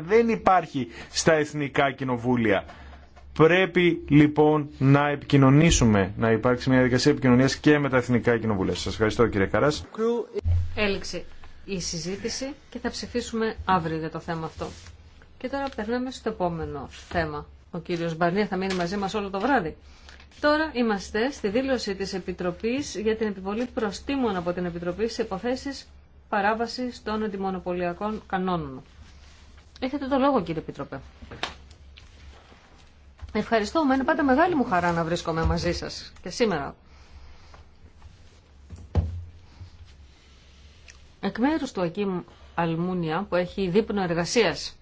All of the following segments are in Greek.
δεν υπάρχει στα εθνικά κοινοβούλια. Πρέπει λοιπόν να επικοινωνήσουμε, να υπάρξει μια διαδικασία επικοινωνία και με τα εθνικά κοινοβούλια. Σα ευχαριστώ κύριε Καράς. Έληξε η συζήτηση και θα ψηφίσουμε αύριο για το θέμα αυτό. Και τώρα περνάμε στο επόμενο θέμα. Ο κύριος Μπαρνία θα μείνει μαζί μας όλο το βράδυ. Τώρα είμαστε στη δήλωση της Επιτροπής για την επιβολή προστήμων από την Επιτροπή σε υποθέσεις παράβασης των αντιμονοπολιακών κανόνων. Έχετε το λόγο κύριε πίτροπε. Ευχαριστώ, είναι πάντα μεγάλη μου χαρά να βρίσκομαι μαζί σας και σήμερα. Εκ μέρους του Ακίμ Αλμούνια που έχει δείπνο εργασίας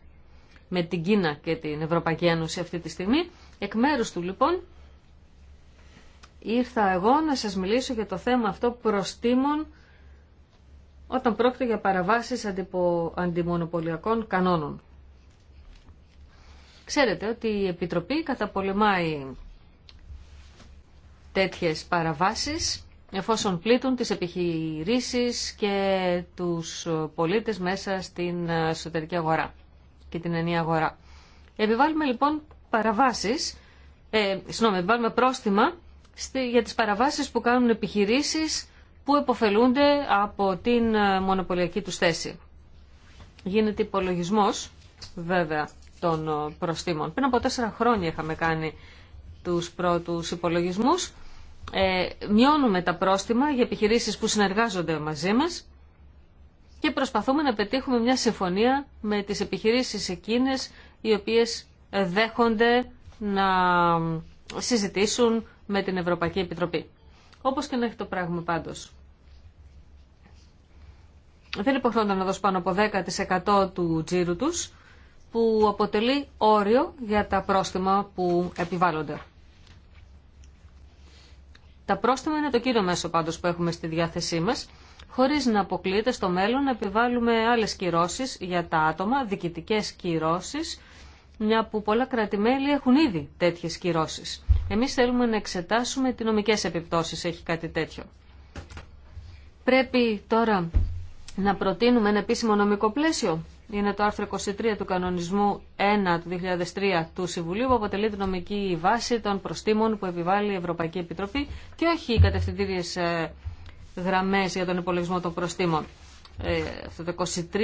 με την Κίνα και την Ευρωπαϊκή Ένωση αυτή τη στιγμή, εκ μέρους του λοιπόν ήρθα εγώ να σας μιλήσω για το θέμα αυτό προστίμων όταν πρόκειται για παραβάσεις αντιπο, αντιμονοπολιακών κανόνων. Ξέρετε ότι η Επιτροπή καταπολεμάει τέτοιες παραβάσεις εφόσον πλήττουν τις επιχειρήσεις και τους πολίτες μέσα στην εσωτερική αγορά και την ενία αγορά. Επιβάλλουμε λοιπόν παραβάσεις, ε, επιβάλλουμε πρόστιμα για τις παραβάσεις που κάνουν επιχειρήσεις που επωφελούνται από την ε, μονοπωλιακή τους θέση. Γίνεται υπολογισμό βέβαια των ε, προστήμων. Πριν από τέσσερα χρόνια είχαμε κάνει τους πρώτους υπολογισμούς. Ε, μειώνουμε τα πρόστιμα για επιχειρήσεις που συνεργάζονται μαζί μας και προσπαθούμε να πετύχουμε μια συμφωνία με τις επιχειρήσεις εκείνες οι οποίες ε, δέχονται να συζητήσουν με την Ευρωπαϊκή Επιτροπή. Όπως και να έχει το πράγμα πάντως. Δεν υποχρόνται να δώσουν πάνω από 10% του τζίρου τους, που αποτελεί όριο για τα πρόστιμα που επιβάλλονται. Τα πρόστιμα είναι το κύριο μέσο πάντως που έχουμε στη διάθεσή μας, χωρίς να αποκλείεται στο μέλλον να επιβάλλουμε άλλες κυρώσεις για τα άτομα, διοικητικές κυρώσεις, μια που πολλά κρατημέλη έχουν ήδη τέτοιε κυρώσει. Εμείς θέλουμε να εξετάσουμε τι νομικέ επιπτώσεις έχει κάτι τέτοιο. Πρέπει τώρα να προτείνουμε ένα επίσημο νομικό πλαίσιο. Είναι το άρθρο 23 του κανονισμού 1 του 2003 του Συμβουλίου που αποτελεί τη νομική βάση των προστήμων που επιβάλλει η Ευρωπαϊκή Επιτροπή και όχι οι κατευθυντήριε ε, γραμμέ για τον υπολογισμό των προστήμων. Ε, αυτό το 23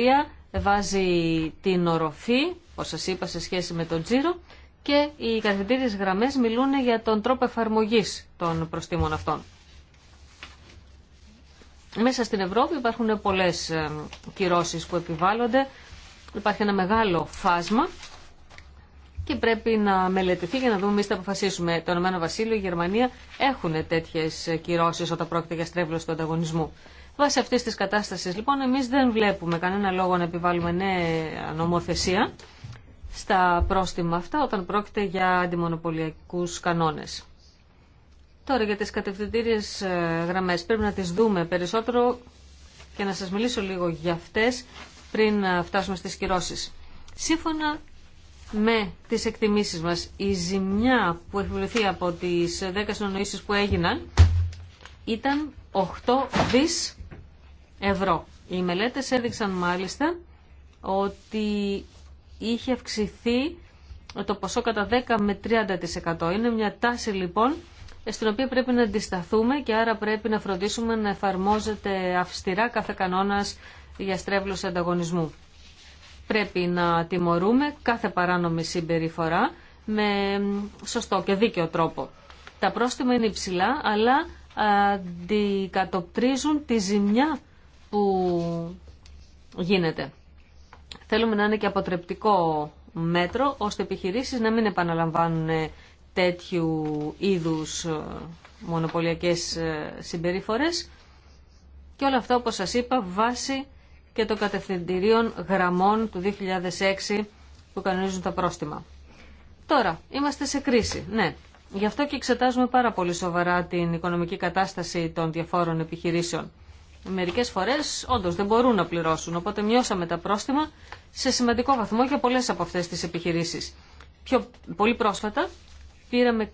βάζει την οροφή όπως σας είπα, σε σχέση με τον τζίρο και οι καθεντήριες γραμμές μιλούν για τον τρόπο εφαρμογής των προστήμων αυτών. Μέσα στην Ευρώπη υπάρχουν πολλές ε, κυρώσεις που επιβάλλονται. Υπάρχει ένα μεγάλο φάσμα και πρέπει να μελετηθεί για να δούμε εμεί τι αποφασίσουμε. Το Ηνωμένο Βασίλειο, η Γερμανία έχουν τέτοιε κυρώσει όταν πρόκειται για στρέβλωση του ανταγωνισμού. Βάσει αυτή τη κατάσταση, λοιπόν, εμεί δεν βλέπουμε κανένα λόγο να επιβάλλουμε νέα νομοθεσία στα πρόστιμα αυτά όταν πρόκειται για αντιμονοπολιακούς κανόνε. Τώρα για τι κατευθυντήριε ε, γραμμέ πρέπει να τι δούμε περισσότερο και να σα μιλήσω λίγο για αυτέ πριν ε, φτάσουμε στι κυρώσει. Σύμφωνα με τι εκτιμήσει μα, η ζημιά που επιβληθεί από τι 10 συνονοήσει που έγιναν ήταν 8 δις ευρώ. Οι μελέτες έδειξαν μάλιστα ότι είχε αυξηθεί το ποσό κατά 10 με 30%. Είναι μια τάση λοιπόν στην οποία πρέπει να αντισταθούμε και άρα πρέπει να φροντίσουμε να εφαρμόζεται αυστηρά κάθε κανόνας για στρέβλωση ανταγωνισμού. Πρέπει να τιμωρούμε κάθε παράνομη συμπεριφορά με σωστό και δίκαιο τρόπο. Τα πρόστιμα είναι υψηλά, αλλά αντικατοπτρίζουν τη ζημιά που γίνεται. Θέλουμε να είναι και αποτρεπτικό μέτρο, ώστε επιχειρήσεις να μην επαναλαμβάνουν τέτοιου είδους ε, μονοπωλιακές ε, συμπεριφορές και όλα αυτά όπως σας είπα βάσει και των κατευθυντηρίων γραμμών του 2006 που κανονίζουν τα πρόστιμα. Τώρα, είμαστε σε κρίση, ναι. Γι' αυτό και εξετάζουμε πάρα πολύ σοβαρά την οικονομική κατάσταση των διαφόρων επιχειρήσεων μερικές φορές όντως δεν μπορούν να πληρώσουν. Οπότε μειώσαμε τα πρόστιμα σε σημαντικό βαθμό για πολλές από αυτές τις επιχειρήσεις. Πιο, πολύ πρόσφατα πήραμε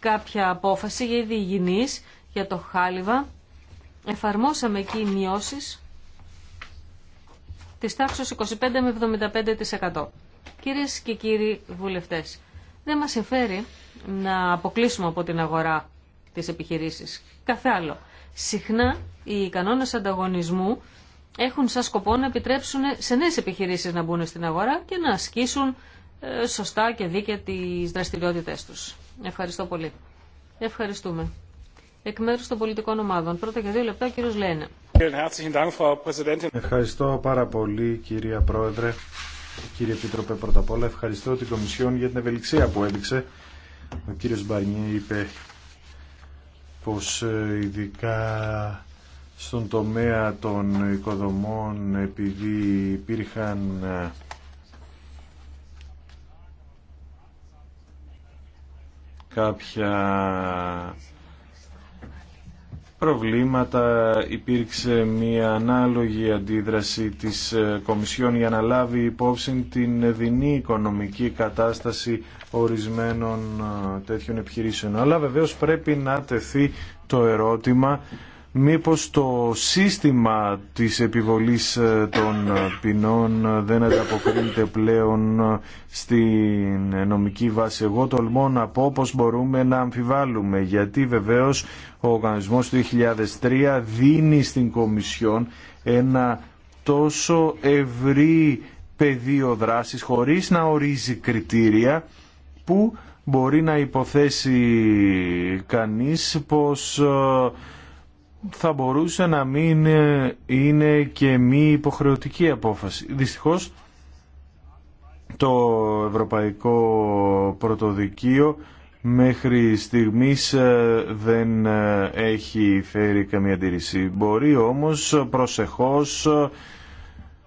κάποια απόφαση για είδη υγιεινής, για το χάλιβα. Εφαρμόσαμε εκεί μειώσεις της τάξης 25 με 75%. Κυρίες και κύριοι βουλευτές, δεν μας εφέρει να αποκλείσουμε από την αγορά τις επιχειρήσεις. Καθ' άλλο. Συχνά οι κανόνες ανταγωνισμού έχουν σαν σκοπό να επιτρέψουν σε νέες επιχειρήσεις να μπουν στην αγορά και να ασκήσουν ε, σωστά και δίκαια τις δραστηριότητές τους. Ευχαριστώ πολύ. Ευχαριστούμε. Εκ μέρους των πολιτικών ομάδων. Πρώτα και δύο λεπτά, κύριος Λένε. Ευχαριστώ πάρα πολύ, κυρία Πρόεδρε. Κύριε Επίτροπε, πρώτα απ' όλα ευχαριστώ την Κομισιόν για την ευελιξία που έδειξε. Ο κύριος Μπαρνιέ είπε πως ε, ειδικά στον τομέα των οικοδομών επειδή υπήρχαν ε, κάποια προβλήματα υπήρξε μια ανάλογη αντίδραση της ε, Κομισιόν για να λάβει υπόψη την δεινή οικονομική κατάσταση ορισμένων ε, τέτοιων επιχειρήσεων. Αλλά βεβαίως πρέπει να τεθεί το ερώτημα μήπως το σύστημα της επιβολής ε, των ε, ποινών ε, δεν ανταποκρίνεται πλέον στην νομική βάση. Εγώ τολμώ να πω πως μπορούμε να αμφιβάλλουμε, γιατί βεβαίως ο οργανισμός του 2003 δίνει στην Κομισιόν ένα τόσο ευρύ πεδίο δράσης χωρίς να ορίζει κριτήρια που μπορεί να υποθέσει κανείς πως θα μπορούσε να μην ε, είναι και μη υποχρεωτική απόφαση. Δυστυχώς το Ευρωπαϊκό Πρωτοδικείο μέχρι στιγμής ε, δεν ε, έχει φέρει καμία αντίρρηση. Μπορεί όμως προσεχώς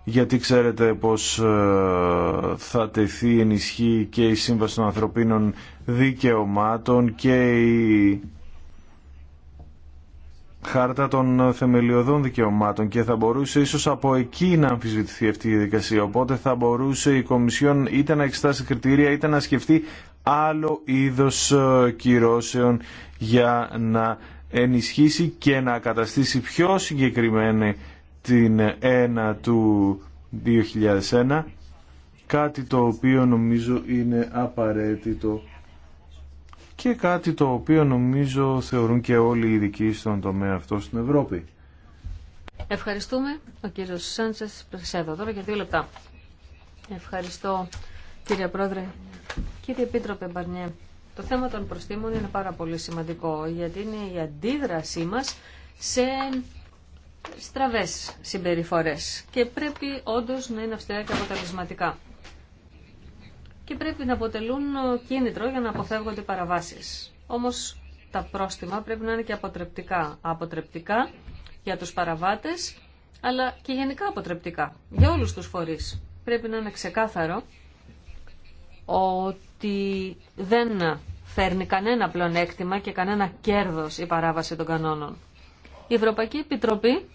γιατί ξέρετε πως θα τεθεί ενισχύ και η Σύμβαση των Ανθρωπίνων Δικαιωμάτων και η χάρτα των θεμελιωδών δικαιωμάτων και θα μπορούσε ίσως από εκεί να αμφισβητηθεί αυτή η διαδικασία. Οπότε θα μπορούσε η Κομισιόν είτε να εξετάσει κριτήρια είτε να σκεφτεί άλλο είδος ε, κυρώσεων για να ενισχύσει και να καταστήσει πιο συγκεκριμένη την 1 του 2001 κάτι το οποίο νομίζω είναι απαραίτητο και κάτι το οποίο νομίζω θεωρούν και όλοι οι ειδικοί στον τομέα αυτό στην Ευρώπη. Ευχαριστούμε. Ο κύριος Σάντσες Πρεσέδο τώρα για δύο λεπτά. Ευχαριστώ κύριε Πρόεδρε. Κύριε Επίτροπε Μπαρνιέ, το θέμα των προστήμων είναι πάρα πολύ σημαντικό γιατί είναι η αντίδρασή μας σε στραβές συμπεριφορές και πρέπει όντως να είναι αυστηρά και αποτελεσματικά και πρέπει να αποτελούν κίνητρο για να αποφεύγονται παραβάσεις. Όμως τα πρόστιμα πρέπει να είναι και αποτρεπτικά. Αποτρεπτικά για τους παραβάτες, αλλά και γενικά αποτρεπτικά για όλους τους φορείς. Πρέπει να είναι ξεκάθαρο ότι δεν φέρνει κανένα πλεονέκτημα και κανένα κέρδος η παράβαση των κανόνων. Η Ευρωπαϊκή Επιτροπή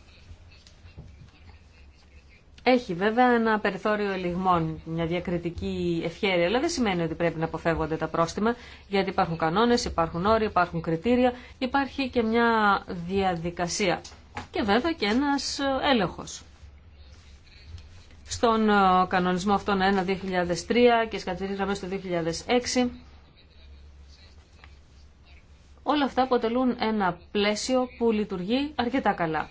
έχει βέβαια ένα περιθώριο ελιγμών, μια διακριτική ευχαίρεια, αλλά δεν σημαίνει ότι πρέπει να αποφεύγονται τα πρόστιμα, γιατί υπάρχουν κανόνες, υπάρχουν όροι, υπάρχουν κριτήρια, υπάρχει και μια διαδικασία και βέβαια και ένας έλεγχος. Στον ε, κανονισμό αυτόν 1-2003 και σκατζερή γραμμές του 2006, όλα αυτά αποτελούν ένα πλαίσιο που λειτουργεί αρκετά καλά.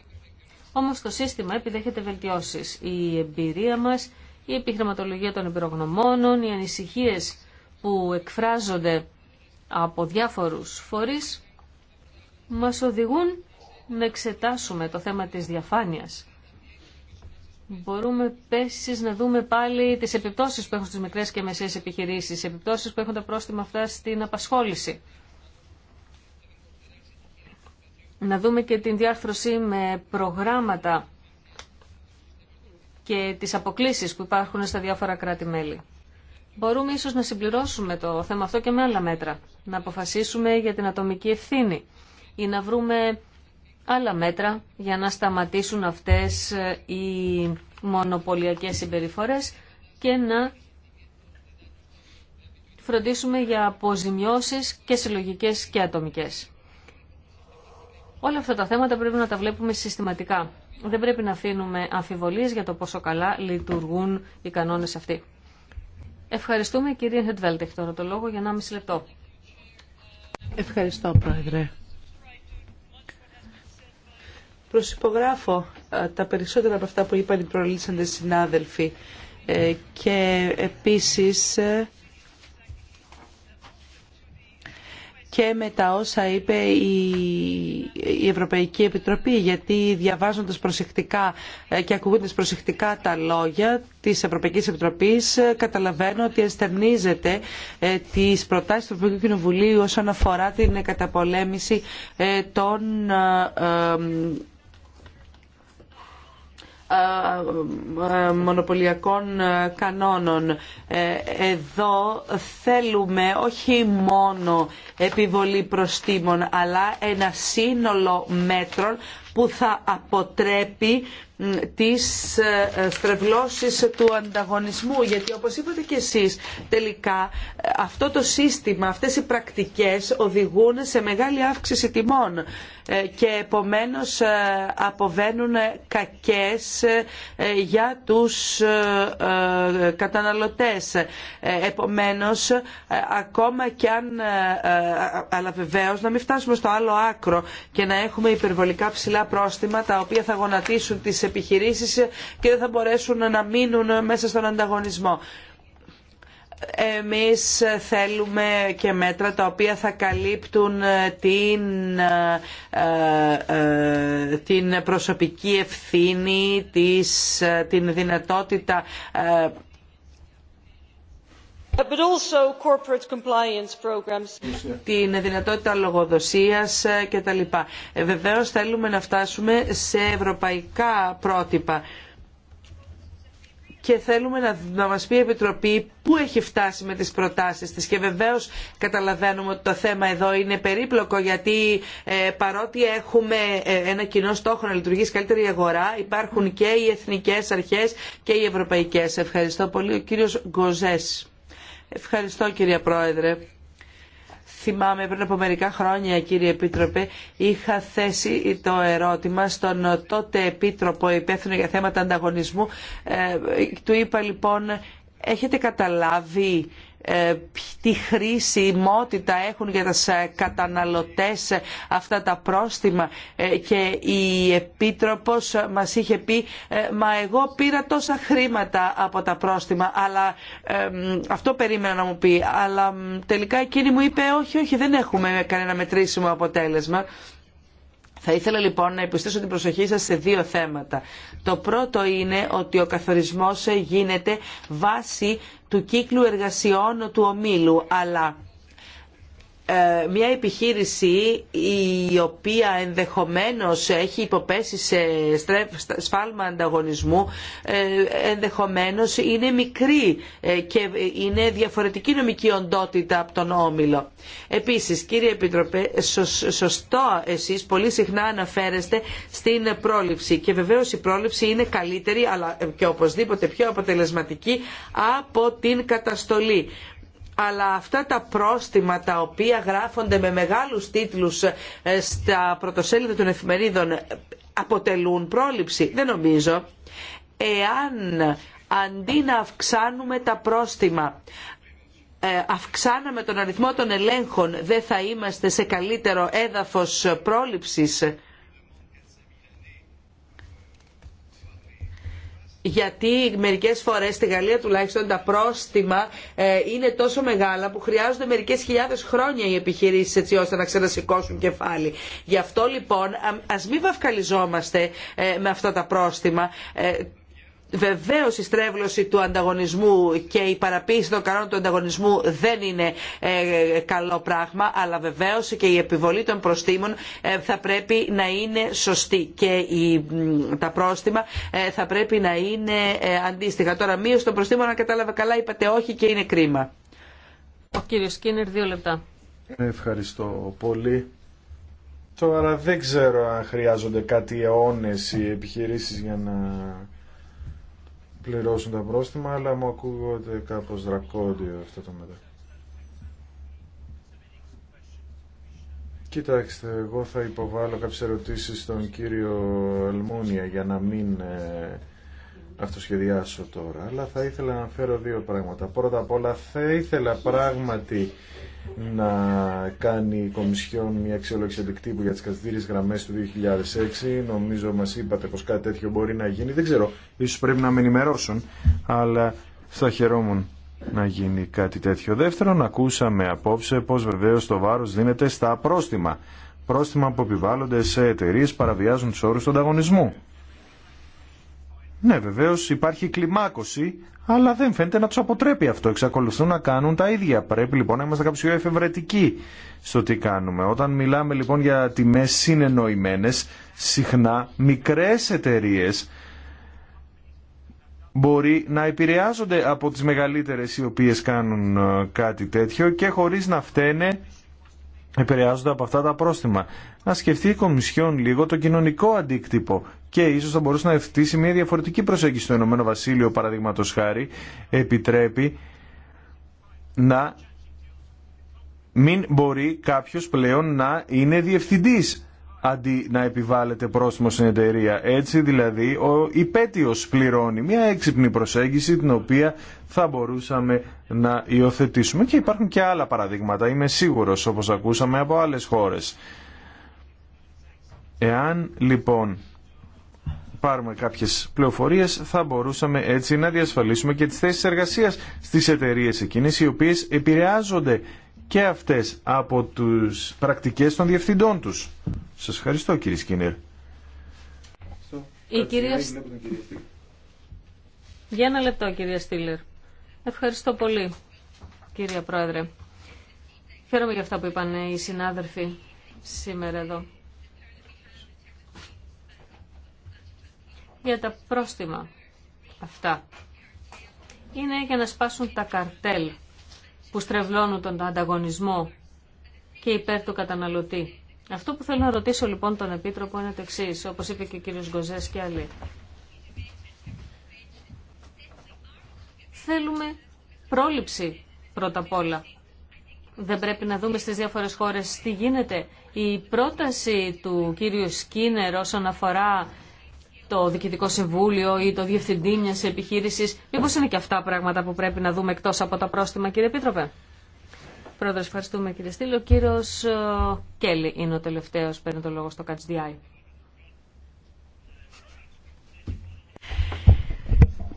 Όμως το σύστημα επιδέχεται βελτιώσεις. Η εμπειρία μας, η επιχειρηματολογία των εμπειρογνωμόνων, οι ανησυχίες που εκφράζονται από διάφορους φορείς μας οδηγούν να εξετάσουμε το θέμα της διαφάνειας. Μπορούμε επίση να δούμε πάλι τις επιπτώσεις που έχουν στις μικρές και μεσαίες επιχειρήσεις, επιπτώσεις που έχουν τα πρόστιμα αυτά στην απασχόληση να δούμε και την διάρθρωση με προγράμματα και τις αποκλήσεις που υπάρχουν στα διάφορα κράτη-μέλη. Μπορούμε ίσως να συμπληρώσουμε το θέμα αυτό και με άλλα μέτρα. Να αποφασίσουμε για την ατομική ευθύνη ή να βρούμε άλλα μέτρα για να σταματήσουν αυτές ε, οι μονοπωλιακές συμπεριφορές και να φροντίσουμε για αποζημιώσεις και συλλογικές και ατομικές. Όλα αυτά τα θέματα πρέπει να τα βλέπουμε συστηματικά. Δεν πρέπει να αφήνουμε αμφιβολίες για το πόσο καλά λειτουργούν οι κανόνες αυτοί. Ευχαριστούμε κυρία Χετβέλτ, έχει τώρα το λόγο για 1,5 λεπτό. Ευχαριστώ Πρόεδρε. Προσυπογράφω ε, τα περισσότερα από αυτά που είπαν οι προλήσαντες συνάδελφοι ε, και επίσης ε, και με τα όσα είπε η Ευρωπαϊκή Επιτροπή γιατί διαβάζοντας προσεκτικά ε, και ακούγοντας προσεκτικά τα λόγια της Ευρωπαϊκής Επιτροπής ε, καταλαβαίνω ότι εστερνίζεται ε, τις προτάσεις του Ευρωπαϊκού Κοινοβουλίου όσον αφορά την καταπολέμηση των ε, ε, μονοπωλιακών ε, κανόνων. Εδώ θέλουμε όχι μόνο επιβολή προστήμων αλλά ένα σύνολο μέτρων που θα αποτρέπει τις ε, ε, στρεβλώσεις του ανταγωνισμού γιατί όπως είπατε και εσείς τελικά ε, αυτό το σύστημα, αυτές οι πρακτικές οδηγούν σε μεγάλη αύξηση τιμών και επομένως αποβαίνουν κακές για τους καταναλωτές. Επομένως ακόμα και αν αλλά βεβαίως να μην φτάσουμε στο άλλο άκρο και να έχουμε υπερβολικά ψηλά πρόστιμα τα οποία θα γονατίσουν τις επιχειρήσεις και δεν θα μπορέσουν να μείνουν μέσα στον ανταγωνισμό εμείς θέλουμε και μέτρα τα οποία θα καλύπτουν ε, την, ε, ε, την προσωπική ευθύνη, της, την δυνατότητα την δυνατότητα λογοδοσίας ε, κτλ. Ε, βεβαίως θέλουμε να φτάσουμε σε ευρωπαϊκά πρότυπα και θέλουμε να, να μας πει η Επιτροπή πού έχει φτάσει με τις προτάσεις της και βεβαίως καταλαβαίνουμε ότι το θέμα εδώ είναι περίπλοκο γιατί ε, παρότι έχουμε ένα κοινό στόχο να λειτουργήσει καλύτερη αγορά υπάρχουν και οι εθνικές αρχές και οι ευρωπαϊκές. Ευχαριστώ πολύ. Ο κύριος Γκοζές. Ευχαριστώ κύριε Πρόεδρε. Θυμάμαι πριν από μερικά χρόνια κύριε Επίτροπε είχα θέσει το ερώτημα στον τότε Επίτροπο υπεύθυνο για θέματα ανταγωνισμού. Ε, του είπα λοιπόν έχετε καταλάβει ε, τι χρήσιμότητα έχουν για τους ε, καταναλωτές αυτά τα πρόστιμα ε, και η Επίτροπος μας είχε πει «Μα εγώ πήρα τόσα χρήματα από τα πρόστιμα, αλλά αυτό περίμενα να μου πει, αλλά τελικά εκείνη μου είπε «Όχι, όχι, δεν έχουμε κανένα μετρήσιμο αποτέλεσμα». Θα ήθελα λοιπόν να επιστήσω την προσοχή σας σε δύο θέματα. Το πρώτο είναι ότι ο καθορισμός ε, γίνεται βάσει του κύκλου εργασιών του ομίλου, αλλά ε, μια επιχείρηση η οποία ενδεχομένως έχει υποπέσει σε σφάλμα ανταγωνισμού ε, ενδεχομένως είναι μικρή ε, και είναι διαφορετική νομική οντότητα από τον όμιλο. Επίσης κύριε Επιτροπέ σωστό εσείς πολύ συχνά αναφέρεστε στην πρόληψη και βεβαίως η πρόληψη είναι καλύτερη αλλά και οπωσδήποτε πιο αποτελεσματική από την καταστολή αλλά αυτά τα πρόστιμα τα οποία γράφονται με μεγάλους τίτλους ε, στα πρωτοσέλιδα των εφημερίδων αποτελούν πρόληψη. Δεν νομίζω. Εάν αντί να αυξάνουμε τα πρόστιμα ε, αυξάναμε τον αριθμό των ελέγχων δεν θα είμαστε σε καλύτερο έδαφος πρόληψης. γιατί μερικές φορές στη Γαλλία τουλάχιστον τα πρόστιμα ε, είναι τόσο μεγάλα που χρειάζονται μερικές χιλιάδες χρόνια οι επιχειρήσεις έτσι ώστε να ξανασηκώσουν κεφάλι. Γι' αυτό λοιπόν ας μην βαυκαλιζόμαστε ε, με αυτά τα πρόστιμα. Ε, Βεβαίω η στρέβλωση του ανταγωνισμού και η παραποίηση των κανόνων του ανταγωνισμού δεν είναι ε, καλό πράγμα, αλλά βεβαίω και η επιβολή των προστήμων ε, θα πρέπει να είναι σωστή και τα πρόστιμα ε, θα πρέπει να είναι αντίστοιχα. Τώρα, μείωση των προστήμων, αν κατάλαβα καλά, είπατε όχι και είναι κρίμα. Ο κύριος Κίνερ, δύο λεπτά. Ευχαριστώ πολύ. Τώρα δεν ξέρω αν χρειάζονται κάτι αιώνες οι επιχειρήσεις για να πληρώσουν τα πρόστιμα, αλλά μου ακούγονται κάπως δρακόντιο αυτό το μετά. Κοιτάξτε, εγώ θα υποβάλω κάποιες ερωτήσεις στον κύριο Αλμούνια για να μην ε, αυτοσχεδιάσω τώρα, αλλά θα ήθελα να φέρω δύο πράγματα. Πρώτα απ' όλα θα ήθελα πράγματι να κάνει η Κομισιόν μια αξιολόγηση αντικτύπου για τις καθητήριες γραμμές του 2006. Νομίζω μας είπατε πως κάτι τέτοιο μπορεί να γίνει. Δεν ξέρω, ίσως πρέπει να με ενημερώσουν, αλλά θα χαιρόμουν να γίνει κάτι τέτοιο. Δεύτερον, ακούσαμε απόψε πως βεβαίως το βάρος δίνεται στα πρόστιμα. Πρόστιμα που επιβάλλονται σε εταιρείε παραβιάζουν τους όρους του ανταγωνισμού. Ναι, βεβαίω υπάρχει κλιμάκωση, αλλά δεν φαίνεται να του αποτρέπει αυτό. Εξακολουθούν να κάνουν τα ίδια. Πρέπει λοιπόν να είμαστε κάπω πιο εφευρετικοί στο τι κάνουμε. Όταν μιλάμε λοιπόν για τιμέ συνεννοημένε, συχνά μικρέ εταιρείε μπορεί να επηρεάζονται από τις μεγαλύτερες οι οποίες κάνουν ε, κάτι τέτοιο και χωρίς να φταίνε επηρεάζονται από αυτά τα πρόστιμα. Να σκεφτεί η Κομισιόν λίγο το κοινωνικό αντίκτυπο και ίσως θα μπορούσε να ευθύσει μια διαφορετική προσέγγιση στο Ηνωμένο Βασίλειο παραδείγματος χάρη επιτρέπει να μην μπορεί κάποιο πλέον να είναι διευθυντή, αντί να επιβάλλεται πρόστιμο στην εταιρεία. Έτσι δηλαδή ο υπέτειο πληρώνει μια έξυπνη προσέγγιση την οποία θα μπορούσαμε να υιοθετήσουμε και υπάρχουν και άλλα παραδείγματα είμαι σίγουρο, όπω ακούσαμε από άλλε χώρε. Εάν λοιπόν πάρουμε κάποιες πληροφορίε, θα μπορούσαμε έτσι να διασφαλίσουμε και τι θέσει εργασία στις εταιρείες εκείνες οι οποίες επηρεάζονται και αυτές από τι πρακτικέ των διευθυντών τους. Σας ευχαριστώ κύριε Σκίνερ. Η κυρία... Για ένα λεπτό κυρία Στήλερ. Ευχαριστώ πολύ κύριε Πρόεδρε. Χαίρομαι για αυτά που είπαν οι συνάδελφοι σήμερα εδώ. για τα πρόστιμα αυτά. Είναι για να σπάσουν τα καρτέλ που στρεβλώνουν τον ανταγωνισμό και υπέρ του καταναλωτή. Αυτό που θέλω να ρωτήσω λοιπόν τον Επίτροπο είναι το εξή, όπως είπε και ο κύριος Γκοζές και άλλοι. Θέλουμε πρόληψη πρώτα απ' όλα. Δεν πρέπει να δούμε στις διάφορες χώρες τι γίνεται. Η πρόταση του κύριου Σκίνερ όσον αφορά το Διοικητικό Συμβούλιο ή το Διευθυντή μια επιχείρηση. Μήπω είναι και αυτά πράγματα που πρέπει να δούμε εκτό από τα πρόστιμα, κύριε Επίτροπε. Πρόεδρε, ευχαριστούμε κύριε Στήλο. Ο κύριο ε, Κέλλη είναι ο τελευταίος, παίρνει το λόγο στο ΚΑΤΣΔΙ.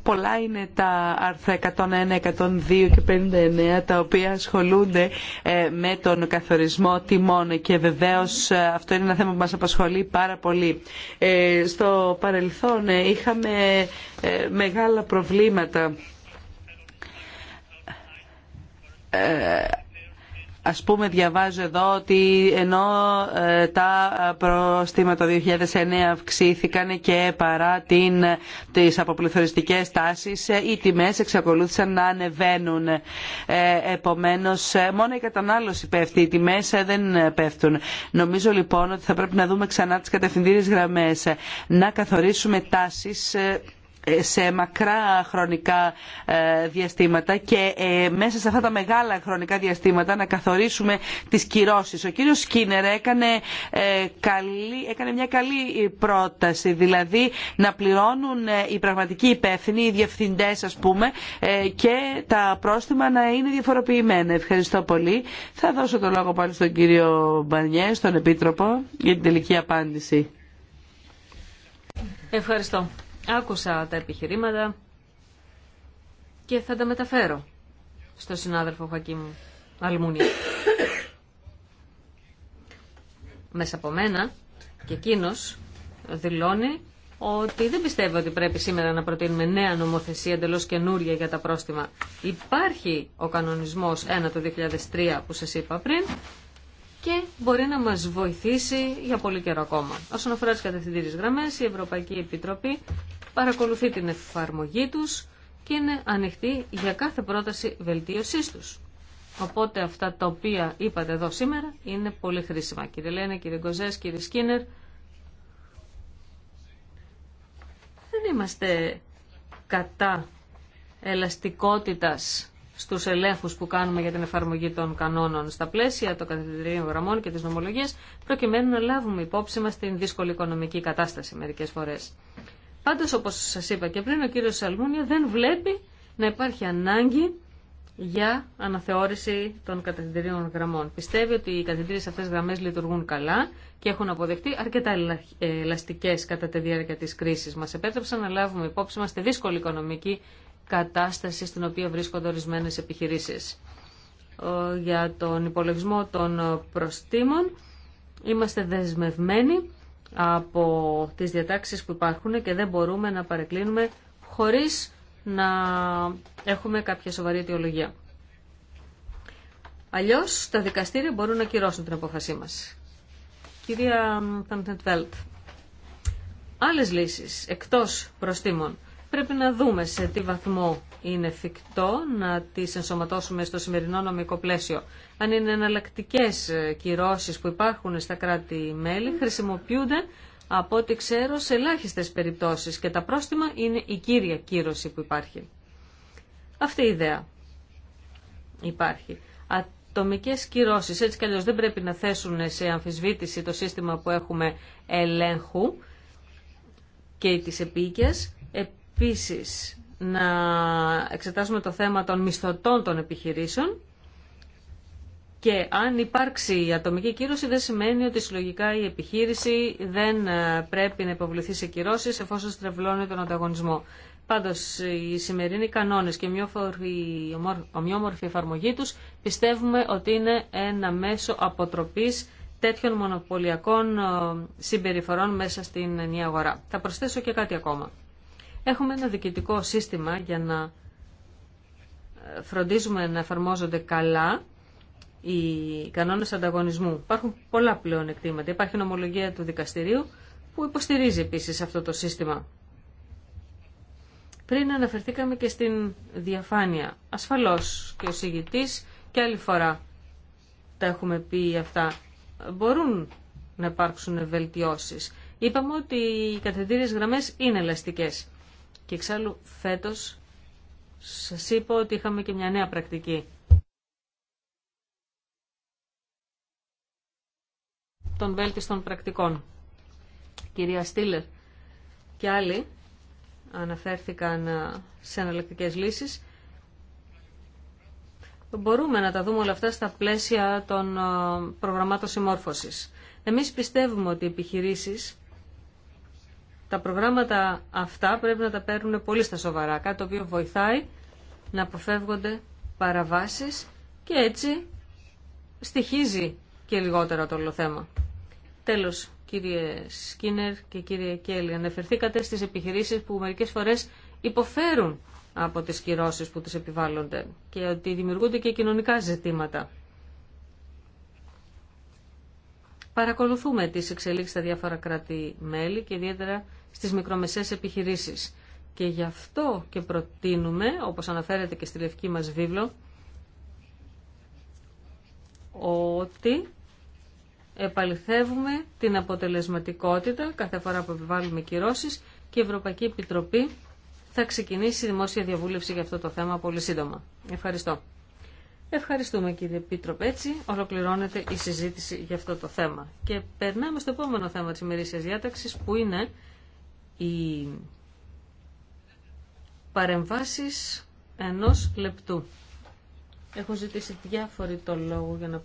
Πολλά είναι τα άρθρα 101, 102 και 59 τα οποία ασχολούνται ε, με τον καθορισμό τιμών και βεβαίως ε, αυτό είναι ένα θέμα που μας απασχολεί πάρα πολύ. Ε, στο παρελθόν είχαμε μεγάλα προβλήματα Ας πούμε διαβάζω εδώ ότι ενώ ε, τα προστήματα 2009 αυξήθηκαν και παρά την, τις αποπληθωριστικές τάσεις ε, οι τιμές εξακολούθησαν να ανεβαίνουν. Ε, επομένως μόνο η κατανάλωση πέφτει, οι τιμές δεν πέφτουν. Νομίζω λοιπόν ότι θα πρέπει να δούμε ξανά τις κατευθυντήριες γραμμές, να καθορίσουμε τάσεις σε μακρά χρονικά ε, διαστήματα και ε, μέσα σε αυτά τα μεγάλα χρονικά διαστήματα να καθορίσουμε τις κυρώσεις. Ο κύριος Σκίνερ έκανε, ε, καλή, έκανε μια καλή πρόταση, δηλαδή να πληρώνουν οι πραγματικοί υπεύθυνοι, οι διευθυντές ας πούμε και τα πρόστιμα να είναι διαφοροποιημένα. Ευχαριστώ πολύ. Θα δώσω το λόγο πάλι στον κύριο Μπανιέ, στον Επίτροπο, για την τελική απάντηση. Ευχαριστώ. Άκουσα τα επιχειρήματα και θα τα μεταφέρω στο συνάδελφο Χακίμ Αλμούνι. Μέσα από μένα και εκείνο δηλώνει ότι δεν πιστεύω ότι πρέπει σήμερα να προτείνουμε νέα νομοθεσία εντελώ καινούρια για τα πρόστιμα. Υπάρχει ο κανονισμός 1 του 2003 που σας είπα πριν και μπορεί να μας βοηθήσει για πολύ καιρό ακόμα. Όσον αφορά τις κατευθυντήριες γραμμές, η Ευρωπαϊκή Επιτροπή παρακολουθεί την εφαρμογή τους και είναι ανοιχτή για κάθε πρόταση βελτίωσής τους. Οπότε αυτά τα οποία είπατε εδώ σήμερα είναι πολύ χρήσιμα. Κύριε Λένε, κύριε Γκοζές, κύριε Σκίνερ, δεν είμαστε κατά ελαστικότητας στους ελέγχους που κάνουμε για την εφαρμογή των κανόνων στα πλαίσια των καθηγητηρίων γραμμών και της νομολογίας, προκειμένου να λάβουμε υπόψη μας την δύσκολη οικονομική κατάσταση μερικές φορές. Πάντως όπως σας είπα και πριν ο κύριος Σαλμούνιο δεν βλέπει να υπάρχει ανάγκη για αναθεώρηση των κατευθυντηρίων γραμμών. Πιστεύει ότι οι κατευθυντήριες αυτές γραμμές λειτουργούν καλά και έχουν αποδεχτεί αρκετά ελαστικές κατά τη διάρκεια της κρίσης. Μας επέτρεψαν να λάβουμε υπόψη μας τη δύσκολη οικονομική κατάσταση στην οποία βρίσκονται ορισμένε επιχειρήσεις. Για τον υπολογισμό των προστήμων είμαστε δεσμευμένοι από τις διατάξεις που υπάρχουν και δεν μπορούμε να παρεκκλίνουμε χωρίς να έχουμε κάποια σοβαρή αιτιολογία. Αλλιώς τα δικαστήρια μπορούν να κυρώσουν την απόφασή μας. Κυρία Ταντεντβέλτ, άλλες λύσεις εκτός προστήμων πρέπει να δούμε σε τι βαθμό είναι εφικτό να τις ενσωματώσουμε στο σημερινό νομικό πλαίσιο αν είναι εναλλακτικέ ε, κυρώσει που υπάρχουν στα κράτη-μέλη, χρησιμοποιούνται από ό,τι ξέρω σε ελάχιστε περιπτώσεις και τα πρόστιμα είναι η κύρια κύρωση που υπάρχει. Αυτή η ιδέα υπάρχει. Ατομικές κυρώσει. έτσι κι δεν πρέπει να θέσουν σε αμφισβήτηση το σύστημα που έχουμε ελέγχου και τις επίκες. Επίσης, να εξετάσουμε το θέμα των μισθωτών των επιχειρήσεων και αν υπάρξει ατομική κύρωση δεν σημαίνει ότι συλλογικά η επιχείρηση δεν ε, πρέπει να υποβληθεί σε κυρώσεις εφόσον στρεβλώνει τον ανταγωνισμό. Πάντως οι σημερινοί κανόνες και η ομοιόμορφη εφαρμογή τους πιστεύουμε ότι είναι ένα μέσο αποτροπής τέτοιων μονοπωλιακών ε, συμπεριφορών μέσα στην ενιαία αγορά. Θα προσθέσω και κάτι ακόμα. Έχουμε ένα διοικητικό σύστημα για να ε, φροντίζουμε να εφαρμόζονται καλά οι κανόνες ανταγωνισμού. Υπάρχουν πολλά πλέον εκτήματα. Υπάρχει νομολογία του δικαστηρίου που υποστηρίζει επίσης αυτό το σύστημα. Πριν αναφερθήκαμε και στην διαφάνεια. Ασφαλώς και ο συγητής και άλλη φορά τα έχουμε πει αυτά. Μπορούν να υπάρξουν βελτιώσεις. Είπαμε ότι οι καθετήριε γραμμές είναι ελαστικές. Και εξάλλου φέτος σας είπα ότι είχαμε και μια νέα πρακτική. των βέλτιστων πρακτικών. Κυρία Στήλερ και άλλοι αναφέρθηκαν ε, σε αναλεκτικές λύσεις. Μπορούμε να τα δούμε όλα αυτά στα πλαίσια των ε, προγραμμάτων συμμόρφωσης. Εμείς πιστεύουμε ότι οι επιχειρήσεις τα προγράμματα αυτά πρέπει να τα παίρνουν πολύ στα σοβαρά, κάτι το οποίο βοηθάει να αποφεύγονται παραβάσεις και έτσι στοιχίζει και λιγότερο το όλο θέμα. Τέλος, κύριε Σκίνερ και κύριε Κέλλη, αναφερθήκατε στις επιχειρήσεις που μερικές φορές υποφέρουν από τις κυρώσεις που τους επιβάλλονται και ότι δημιουργούνται και κοινωνικά ζητήματα. Παρακολουθούμε τις εξελίξεις στα διάφορα κράτη-μέλη και ιδιαίτερα στις μικρομεσαίες επιχειρήσεις. Και γι' αυτό και προτείνουμε, όπως αναφέρεται και στη λευκή μας βίβλο, ότι επαληθεύουμε την αποτελεσματικότητα κάθε φορά που επιβάλλουμε κυρώσει και η Ευρωπαϊκή Επιτροπή θα ξεκινήσει η δημόσια διαβούλευση για αυτό το θέμα πολύ σύντομα. Ευχαριστώ. Ευχαριστούμε κύριε Πίτρο Έτσι ολοκληρώνεται η συζήτηση για αυτό το θέμα. Και περνάμε στο επόμενο θέμα της ημερήσιας διάταξη, που είναι οι παρεμβάσεις ενός λεπτού. Έχουν ζητήσει διάφοροι το λόγο για να